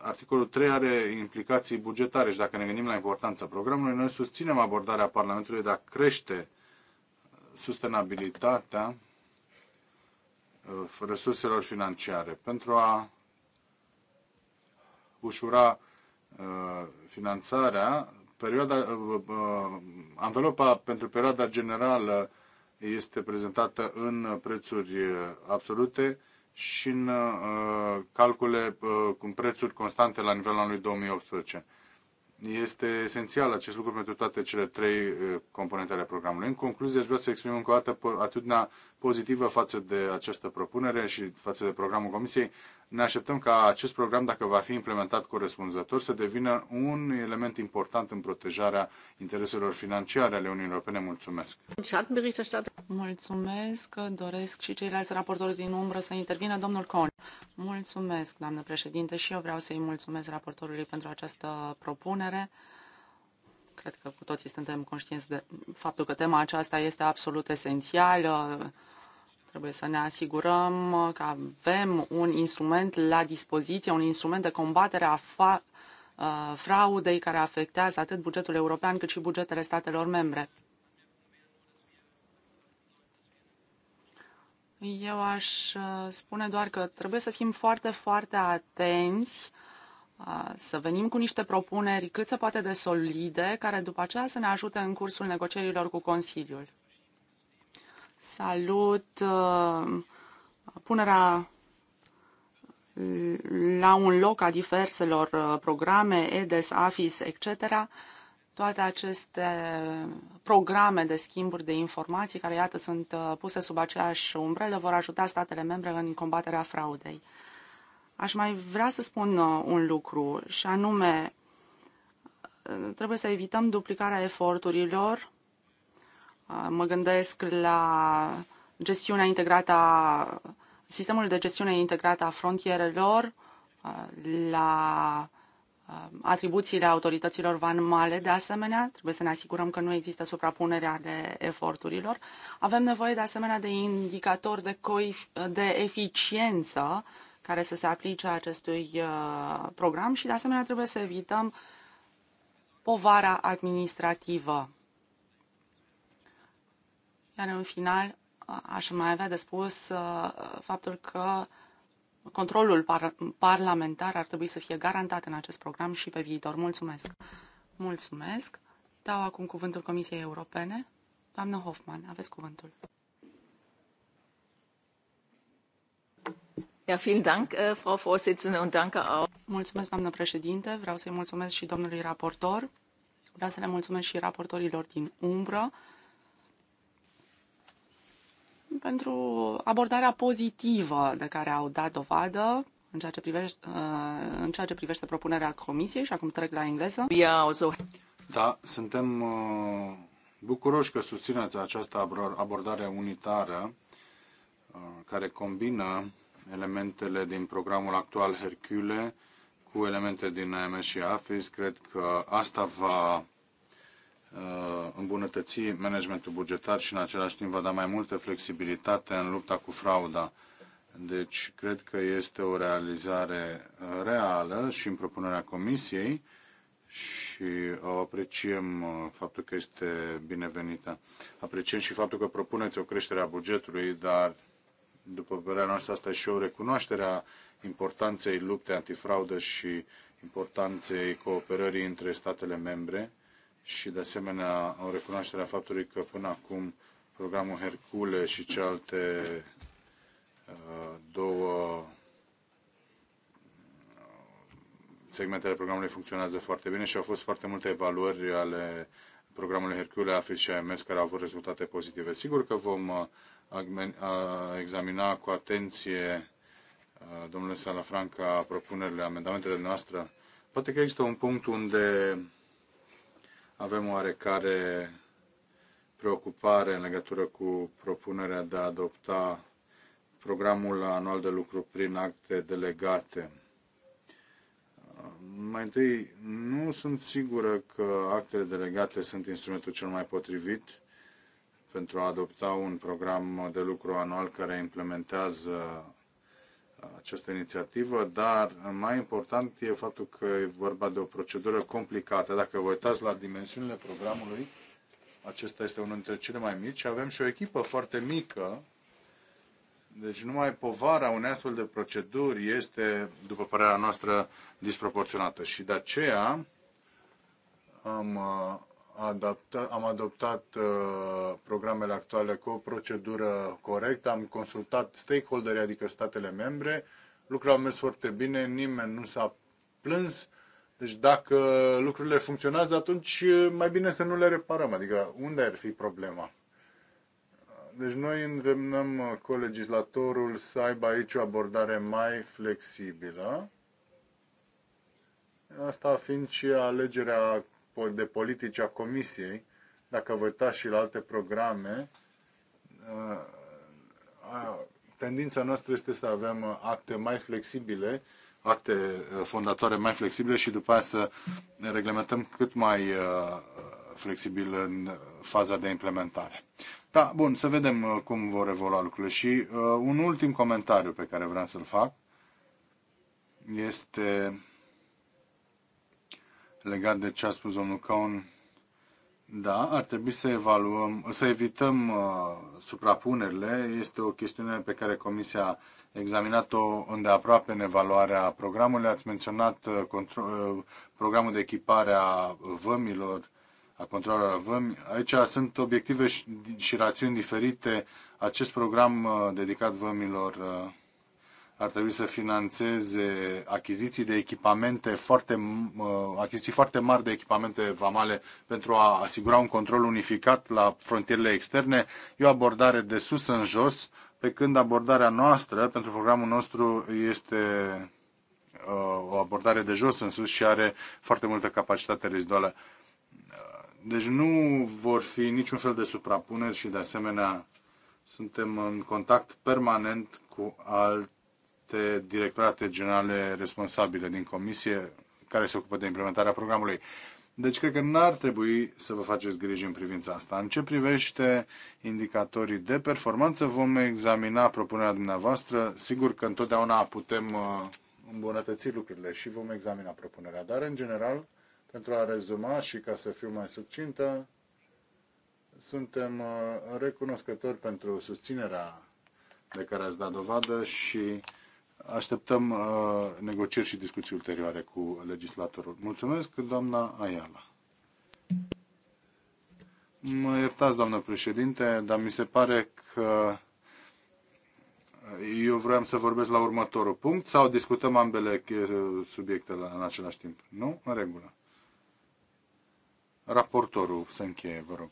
Speaker 2: articolul 3 are implicații bugetare și dacă ne gândim la importanța programului, noi susținem abordarea Parlamentului de a crește uh, sustenabilitatea resurselor financiare pentru a ușura finanțarea Perioada, uh, uh, anvelopa pentru perioada generală este prezentată în prețuri absolute și în uh, calcule uh, cu prețuri constante la nivelul anului 2018. Este esențial acest lucru pentru toate cele trei uh, componente ale programului. În concluzie, aș vrea să exprim încă o dată atitudinea pozitivă față de această propunere și față de programul Comisiei. Ne așteptăm ca acest program, dacă va fi implementat corespunzător, să devină un element important în protejarea intereselor financiare ale Uniunii Europene. Mulțumesc!
Speaker 1: Mulțumesc! Doresc și ceilalți raportori din umbră să intervină. Domnul Con. Mulțumesc, doamnă președinte, și eu vreau să-i mulțumesc raportorului pentru această propunere cred că cu toții suntem conștienți de faptul că tema aceasta este absolut esențială. Trebuie să ne asigurăm uh, că avem un instrument la dispoziție, un instrument de combatere a fa- uh, fraudei care afectează atât bugetul european cât și bugetele statelor membre. Eu aș uh, spune doar că trebuie să fim foarte, foarte atenți, să venim cu niște propuneri cât se poate de solide, care după aceea să ne ajute în cursul negocierilor cu Consiliul. Salut uh, punerea la un loc a diverselor uh, programe, EDES, AFIS, etc., toate aceste programe de schimburi de informații, care, iată, sunt uh, puse sub aceeași umbrelă, vor ajuta statele membre în combaterea fraudei. Aș mai vrea să spun un lucru, și anume, trebuie să evităm duplicarea eforturilor Mă gândesc la gestiunea integrată a sistemul de gestiune integrată a frontierelor, la atribuțiile autorităților vanmale, de asemenea, trebuie să ne asigurăm că nu există suprapunerea de eforturilor. Avem nevoie, de asemenea, de indicatori de, de eficiență care să se aplice acestui program și, de asemenea, trebuie să evităm povara administrativă. Iar în final, aș mai avea de spus faptul că controlul par- parlamentar ar trebui să fie garantat în acest program și pe viitor. Mulțumesc! Mulțumesc! Dau acum cuvântul Comisiei Europene. Doamnă Hoffman, aveți cuvântul. Ja, vielen Dank, äh, Frau Vorsitzende, und danke auch. Mulțumesc, doamnă președinte. Vreau să-i mulțumesc și domnului raportor. Vreau să le mulțumesc și raportorilor din umbră pentru abordarea pozitivă de care au dat dovadă în ceea ce privește, uh, în ceea ce privește propunerea comisiei și acum trec la engleză.
Speaker 2: Da, suntem uh, bucuroși că susțineți această abordare unitară uh, care combină elementele din programul actual Hercule cu elemente din AMS și AFIS. Cred că asta va Uh, îmbunătăți managementul bugetar și în același timp va da mai multă flexibilitate în lupta cu frauda. Deci cred că este o realizare uh, reală și în propunerea Comisiei și o apreciem uh, faptul că este binevenită. Apreciem și faptul că propuneți o creștere a bugetului, dar după părerea noastră asta e și o recunoaștere a importanței luptei antifraudă și importanței cooperării între statele membre și de asemenea o recunoaștere a faptului că până acum programul Hercule și cealaltă uh, două uh, segmentele programului funcționează foarte bine și au fost foarte multe evaluări ale programului Hercule, AFIS și AMS care au avut rezultate pozitive. Sigur că vom uh, examina cu atenție, domnule Salafranca, propunerile, amendamentele noastre. Poate că există un punct unde avem oarecare preocupare în legătură cu propunerea de a adopta programul anual de lucru prin acte delegate. Mai întâi, nu sunt sigură că actele delegate sunt instrumentul cel mai potrivit pentru a adopta un program de lucru anual care implementează această inițiativă, dar mai important e faptul că e vorba de o procedură complicată. Dacă vă uitați la dimensiunile programului, acesta este unul dintre cele mai mici. Avem și o echipă foarte mică, deci numai povara unei astfel de proceduri este, după părerea noastră, disproporționată. Și de aceea am uh, adaptat, am adoptat uh, programele actuale cu o procedură corectă, am consultat stakeholderii, adică statele membre, lucrurile au mers foarte bine, nimeni nu s-a plâns, deci dacă lucrurile funcționează, atunci uh, mai bine să nu le reparăm, adică unde ar fi problema? Deci noi îndemnăm uh, colegislatorul să aibă aici o abordare mai flexibilă, Asta fiind și alegerea de politici a Comisiei, dacă vă uitați și la alte programe, uh, tendința noastră este să avem uh, acte mai flexibile, acte uh, fondatoare mai flexibile și după aceea să reglementăm cât mai flexibil în faza de implementare. Da, bun, să vedem cum vor evolua lucrurile. Și uh, un ultim comentariu pe care vreau să-l fac este legat de ce a spus domnul Caun, da, ar trebui să evaluăm, să evităm uh, suprapunerile. Este o chestiune pe care Comisia a examinat-o îndeaproape în evaluarea programului. Ați menționat uh, uh, programul de echipare a vămilor, a controlului vămi. Aici sunt obiective și, și rațiuni diferite. Acest program uh, dedicat vămilor uh, ar trebui să financeze achiziții de echipamente foarte, achiziții foarte mari de echipamente vamale pentru a asigura un control unificat la frontierele externe. E o abordare de sus în jos, pe când abordarea noastră pentru programul nostru este ă, o abordare de jos în sus și are foarte multă capacitate reziduală. Deci nu vor fi niciun fel de suprapuneri și de asemenea suntem în contact permanent cu alt alte directorate generale responsabile din comisie care se ocupă de implementarea programului. Deci cred că n-ar trebui să vă faceți griji în privința asta. În ce privește indicatorii de performanță, vom examina propunerea dumneavoastră. Sigur că întotdeauna putem uh, îmbunătăți lucrurile și vom examina propunerea. Dar, în general, pentru a rezuma și ca să fiu mai succintă, suntem uh, recunoscători pentru susținerea de care ați dat dovadă și Așteptăm uh, negocieri și discuții ulterioare cu legislatorul. Mulțumesc, doamna Ayala. Mă iertați, doamnă președinte, dar mi se pare că eu vreau să vorbesc la următorul punct sau discutăm ambele subiecte la, în același timp? Nu? În regulă. Raportorul să încheie, vă rog.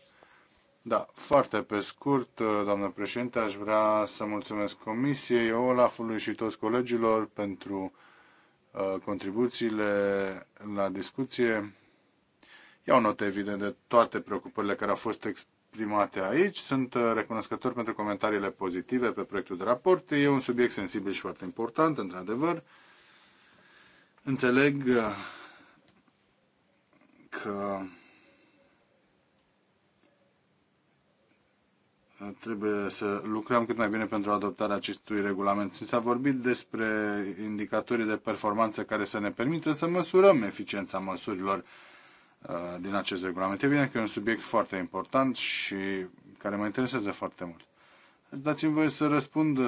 Speaker 2: Da, foarte pe scurt, uh, doamnă președinte, aș vrea să mulțumesc Comisiei, Olafului și toți colegilor pentru uh, contribuțiile la discuție. Iau note, evident, de toate preocupările care au fost exprimate aici. Sunt uh, recunoscător pentru comentariile pozitive pe proiectul de raport. E un subiect sensibil și foarte important, într-adevăr. Înțeleg că trebuie să lucrăm cât mai bine pentru adoptarea acestui regulament. S-a vorbit despre indicatorii de performanță care să ne permită să măsurăm eficiența măsurilor uh, din acest regulament. E bine că e un subiect foarte important și care mă interesează foarte mult. Dați-mi voie să răspund uh,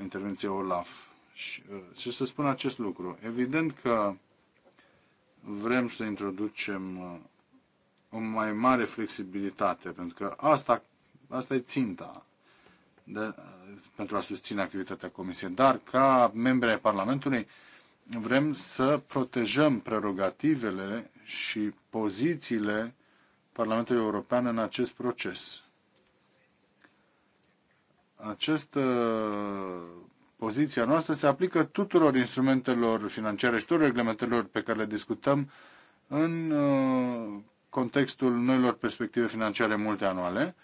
Speaker 2: intervenției Olaf și, uh, și să spun acest lucru. Evident că vrem să introducem o mai mare flexibilitate, pentru că asta Asta e ținta de, pentru a susține activitatea Comisiei. Dar, ca membri ai Parlamentului, vrem să protejăm prerogativele și pozițiile Parlamentului European în acest proces. Această poziția noastră se aplică tuturor instrumentelor financiare și tuturor reglementărilor pe care le discutăm în uh, contextul noilor perspective financiare multianuale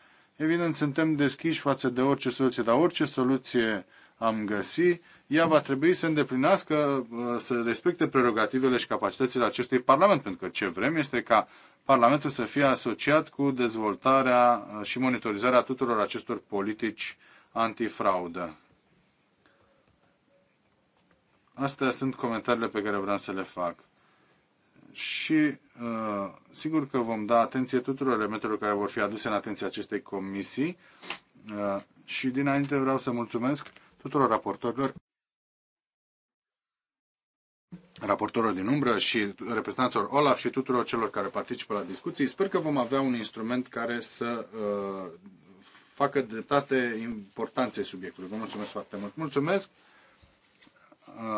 Speaker 2: Evident, suntem deschiși față de orice soluție, dar orice soluție am găsi, ea va trebui să îndeplinească, uh, să respecte prerogativele și capacitățile acestui Parlament, pentru că ce vrem este ca Parlamentul să fie asociat cu dezvoltarea uh, și monitorizarea tuturor acestor politici antifraudă. Astea sunt comentariile pe care vreau să le fac și uh, sigur că vom da atenție tuturor elementelor care vor fi aduse în atenția acestei comisii uh, și dinainte vreau să mulțumesc tuturor raportorilor raportorilor din umbră și reprezentanților OLAF și tuturor celor care participă la discuții. Sper că vom avea un instrument care să uh, facă dreptate importanței subiectului. Vă mulțumesc foarte mult. Mulțumesc.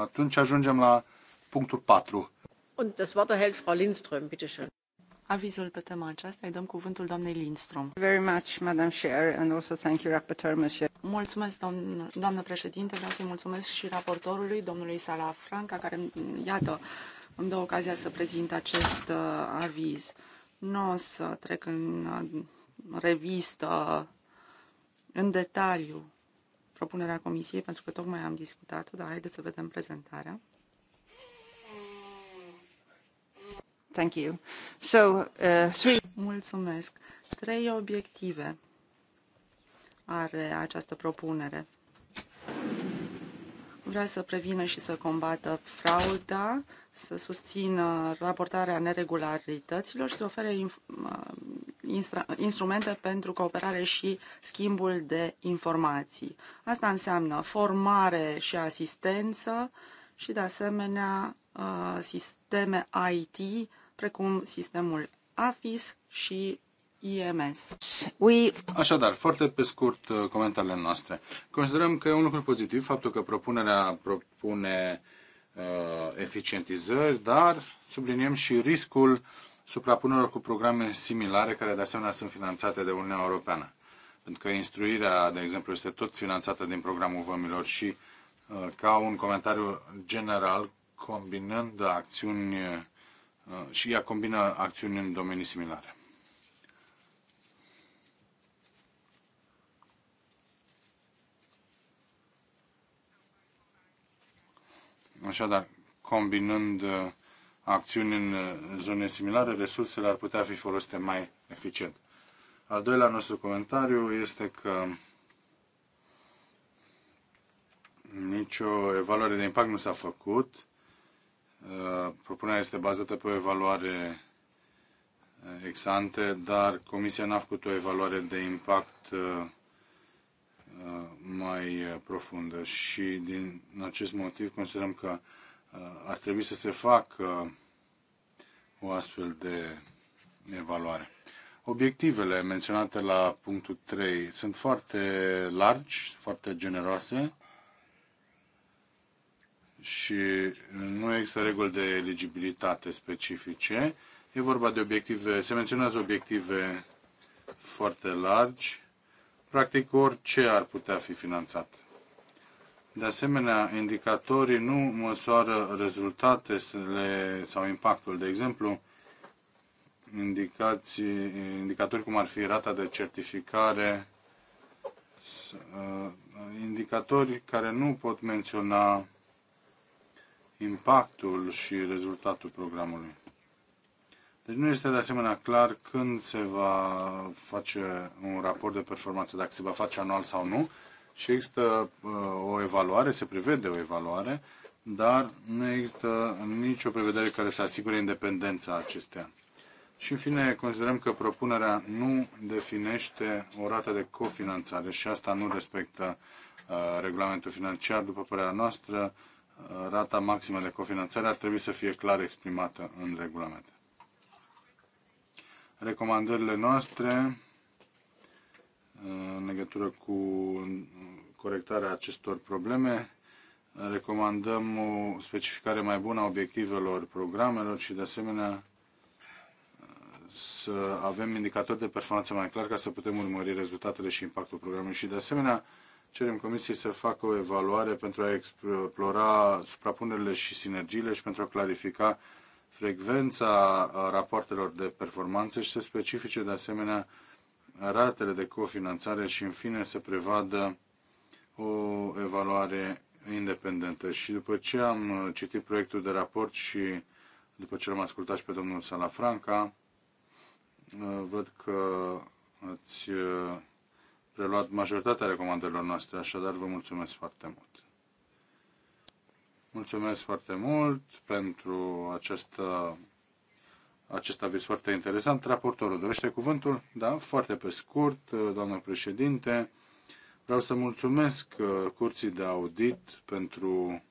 Speaker 2: Atunci ajungem la punctul 4
Speaker 1: Und das pe tema aceasta îi dăm cuvântul doamnei doamnă, președintă președinte, vreau să-i mulțumesc și raportorului, domnului Salafranca, care, iată, îmi dă ocazia să prezint acest uh, aviz. Nu o să trec în uh, revistă, în detaliu, propunerea comisiei, pentru că tocmai am discutat-o, dar haideți să vedem prezentarea. Uh, Mulțumesc. Trei obiective are această propunere. Vrea să prevină și să combată frauda, să susțină raportarea neregularităților și să ofere uh, instrumente pentru cooperare și schimbul de informații. Asta înseamnă formare și asistență și, de asemenea, uh, sisteme IT precum sistemul AFIS și IMS. We...
Speaker 2: Așadar, foarte pe scurt uh, comentariile noastre. Considerăm că e un lucru pozitiv faptul că propunerea propune uh, eficientizări, dar subliniem și riscul suprapunerilor cu programe similare care de asemenea sunt finanțate de Uniunea Europeană. Pentru că instruirea, de exemplu, este tot finanțată din programul Vămilor și uh, ca un comentariu general, combinând acțiuni Uh, și ea combină acțiuni în domenii similare. Așadar, combinând uh, acțiuni în uh, zone similare, resursele ar putea fi folosite mai eficient. Al doilea nostru comentariu este că nicio evaluare de impact nu s-a făcut Uh, propunerea este bazată pe o evaluare uh, ex ante, dar Comisia n-a făcut o evaluare de impact uh, mai profundă și din acest motiv considerăm că ar trebui să se facă o astfel de evaluare. Obiectivele menționate la punctul 3 sunt foarte largi, foarte generoase și nu există reguli de eligibilitate specifice. E vorba de obiective, se menționează obiective foarte largi. Practic orice ar putea fi finanțat. De asemenea, indicatorii nu măsoară rezultatele sau impactul. De exemplu, indicații, indicatori cum ar fi rata de certificare, uh, indicatori care nu pot menționa impactul și rezultatul programului. Deci nu este de asemenea clar când se va face un raport de performanță, dacă se va face anual sau nu. Și există uh, o evaluare, se prevede o evaluare, dar nu există nicio prevedere care să asigure independența acestea. Și în fine, considerăm că propunerea nu definește o rată de cofinanțare și asta nu respectă uh, regulamentul financiar, după părerea noastră, rata maximă de cofinanțare ar trebui să fie clar exprimată în regulament. Recomandările noastre în legătură cu corectarea acestor probleme recomandăm o specificare mai bună a obiectivelor programelor și de asemenea să avem indicatori de performanță mai clar ca să putem urmări rezultatele și impactul programului și de asemenea Cerem Comisiei să facă o evaluare pentru a explora suprapunerile și sinergiile și pentru a clarifica frecvența rapoartelor de performanță și să specifice de asemenea ratele de cofinanțare și în fine să prevadă o evaluare independentă. Și după ce am citit proiectul de raport și după ce l-am ascultat și pe domnul Salafranca, văd că ați preluat majoritatea recomandărilor noastre, așadar vă mulțumesc foarte mult. Mulțumesc foarte mult pentru această, acest aviz foarte interesant. Raportorul dorește cuvântul? Da, foarte pe scurt, doamnă președinte. Vreau să mulțumesc uh, curții de audit pentru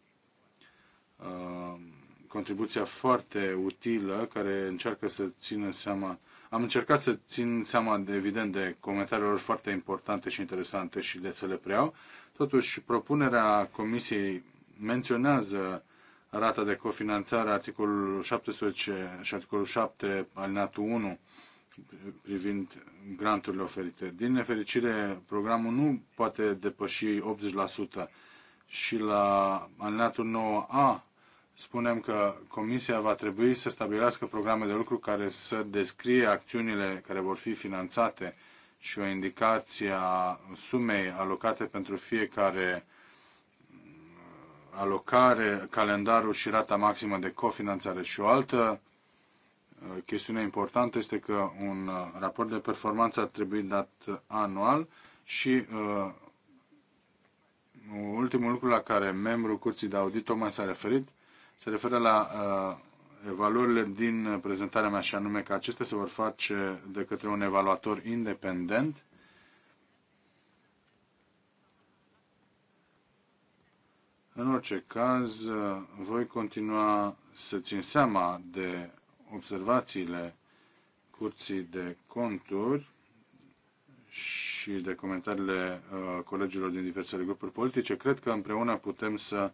Speaker 2: uh, contribuția foarte utilă care încearcă să țină seama am încercat să țin seama, de, evident, de comentariilor foarte importante și interesante și de să le preiau. Totuși, propunerea Comisiei menționează rata de cofinanțare, articolul 17 și articolul 7, alinatul 1, privind granturile oferite. Din nefericire, programul nu poate depăși 80% și la alinatul 9A spunem că Comisia va trebui să stabilească programe de lucru care să descrie acțiunile care vor fi finanțate și o indicație a sumei alocate pentru fiecare mm, alocare, calendarul și rata maximă de cofinanțare. Și o altă uh, chestiune importantă este că un uh, raport de performanță ar trebui dat anual și uh, ultimul lucru la care membrul Curții de Audit tocmai s-a referit se referă la uh, evaluările din uh, prezentarea mea și anume că acestea se vor face de către un evaluator independent În orice caz, uh, voi continua să țin seama de observațiile curții de conturi și de comentariile colegilor din diversele grupuri politice. Cred că împreună putem să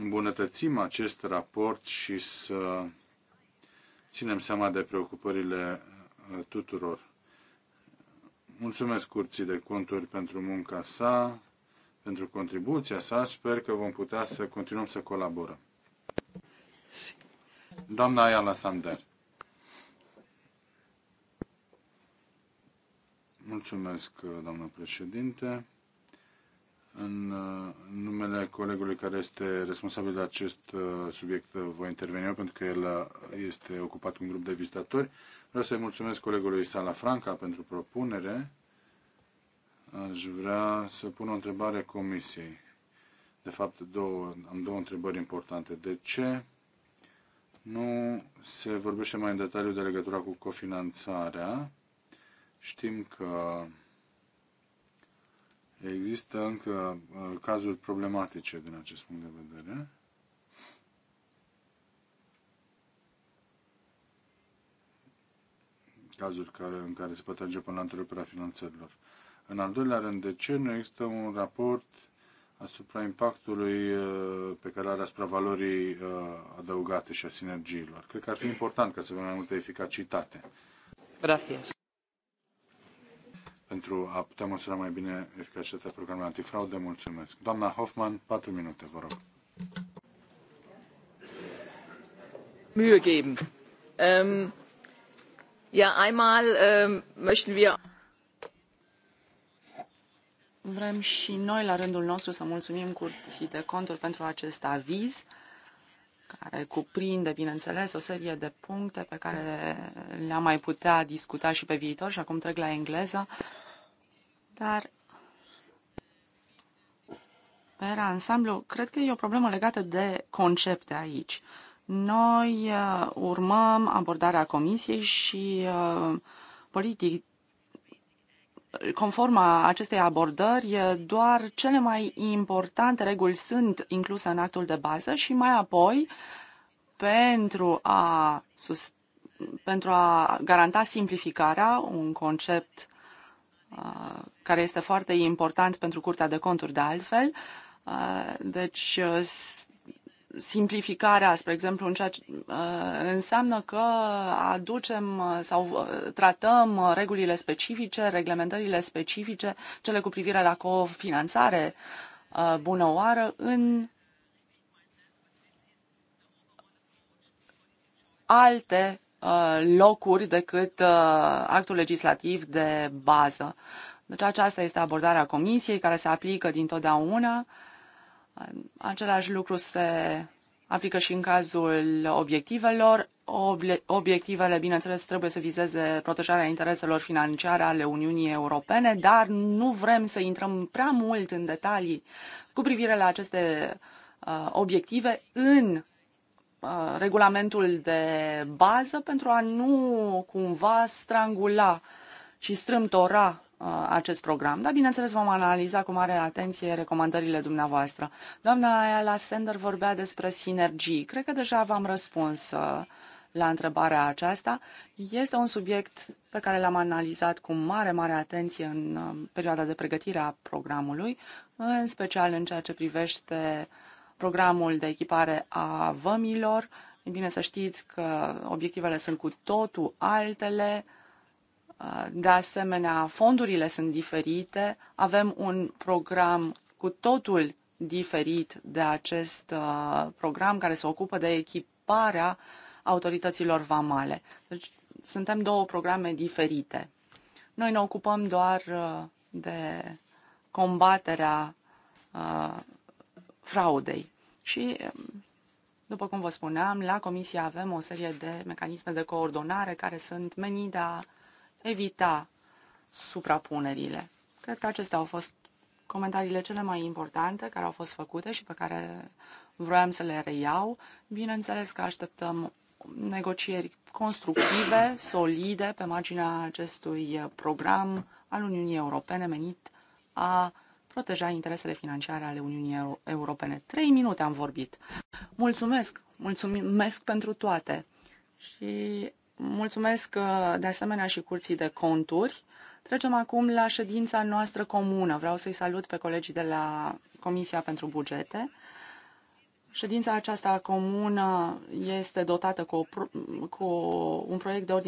Speaker 2: îmbunătățim acest raport și să ținem seama de preocupările uh, tuturor. Mulțumesc Curții de Conturi pentru munca sa, pentru contribuția sa. Sper că vom putea să continuăm să colaborăm. Doamna Ayala Sander. Mulțumesc, uh, doamnă președinte. Uh, în numele colegului care este responsabil de acest uh, subiect uh, voi interveni eu, pentru că el este ocupat cu un grup de vizitatori. Vreau să-i mulțumesc colegului Sala Franca pentru propunere. Aș vrea să pun o întrebare comisiei. De fapt, două, am două întrebări importante. De ce nu se vorbește mai în detaliu de legătura cu cofinanțarea? Știm că Există încă uh, cazuri problematice din acest punct de vedere. Cazuri care, în care se poate ajunge până la întreruperea finanțărilor. În al doilea rând, de ce nu există un raport asupra impactului uh, pe care are asupra valorii uh, adăugate și a sinergiilor? Cred că ar fi important ca să avem mai multă eficacitate. Gracias pentru a putea măsura mai bine eficacitatea programului antifraudă. Mulțumesc. Doamna Hoffman, 4 minute, vă rog.
Speaker 1: Mühe geben. Um, ja, einmal um, möchten wir Vrem și noi, la rândul nostru, să mulțumim curții de conturi pentru acest aviz care cuprinde, bineînțeles, o serie de puncte pe care le-am mai putea discuta și pe viitor și acum trec la engleză. Dar pe ansamblu, cred că e o problemă legată de concepte aici. Noi uh, urmăm abordarea comisiei și uh, politic, conform acestei abordări, doar cele mai importante reguli sunt incluse în actul de bază și mai apoi, pentru a, sus, pentru a garanta simplificarea, un concept uh, care este foarte important pentru Curtea de Conturi de altfel, uh, deci simplificarea, spre exemplu, în ceea ce, uh, înseamnă că aducem uh, sau uh, tratăm regulile specifice, reglementările specifice, cele cu privire la cofinanțare bună oară, în alte locuri decât actul legislativ de bază. Deci aceasta este abordarea comisiei care se aplică dintotdeauna uh, Același lucru se aplică și în cazul obiectivelor. Obiectivele, bineînțeles, trebuie să vizeze protejarea intereselor financiare ale Uniunii Europene, dar nu vrem să intrăm prea mult în detalii cu privire la aceste uh, obiective în uh, regulamentul de bază pentru a nu cumva strangula și strâmtora Uh, acest program, dar bineînțeles vom analiza cu mare atenție recomandările dumneavoastră. Doamna Ayala Sender vorbea despre sinergii. Cred că deja v-am răspuns uh, la întrebarea aceasta. Este un subiect pe care l-am analizat cu mare, mare atenție în uh, perioada de pregătire a programului, în special în ceea ce privește programul de echipare a vămilor. E bine să știți că obiectivele sunt cu totul altele, de asemenea, fondurile sunt diferite. Avem un program cu totul diferit de acest uh, program care se ocupă de echiparea autorităților vamale. Deci suntem două programe diferite. Noi ne ocupăm doar uh, de combaterea uh, fraudei și după cum vă spuneam, la Comisie avem o serie de mecanisme de coordonare care sunt menite a evita suprapunerile. Cred că acestea au fost comentariile cele mai importante care au fost făcute și pe care vroiam să le reiau. Bineînțeles că așteptăm negocieri constructive, solide, pe marginea acestui program al Uniunii Europene menit a proteja interesele financiare ale Uniunii Europene. Trei minute am vorbit. Mulțumesc! Mulțumesc pentru toate! Și Mulțumesc uh, de asemenea și curții de conturi. Trecem acum la ședința noastră comună. Vreau să-i salut pe colegii de la Comisia pentru Bugete. Ședința aceasta comună este dotată cu, o, cu un proiect de ordine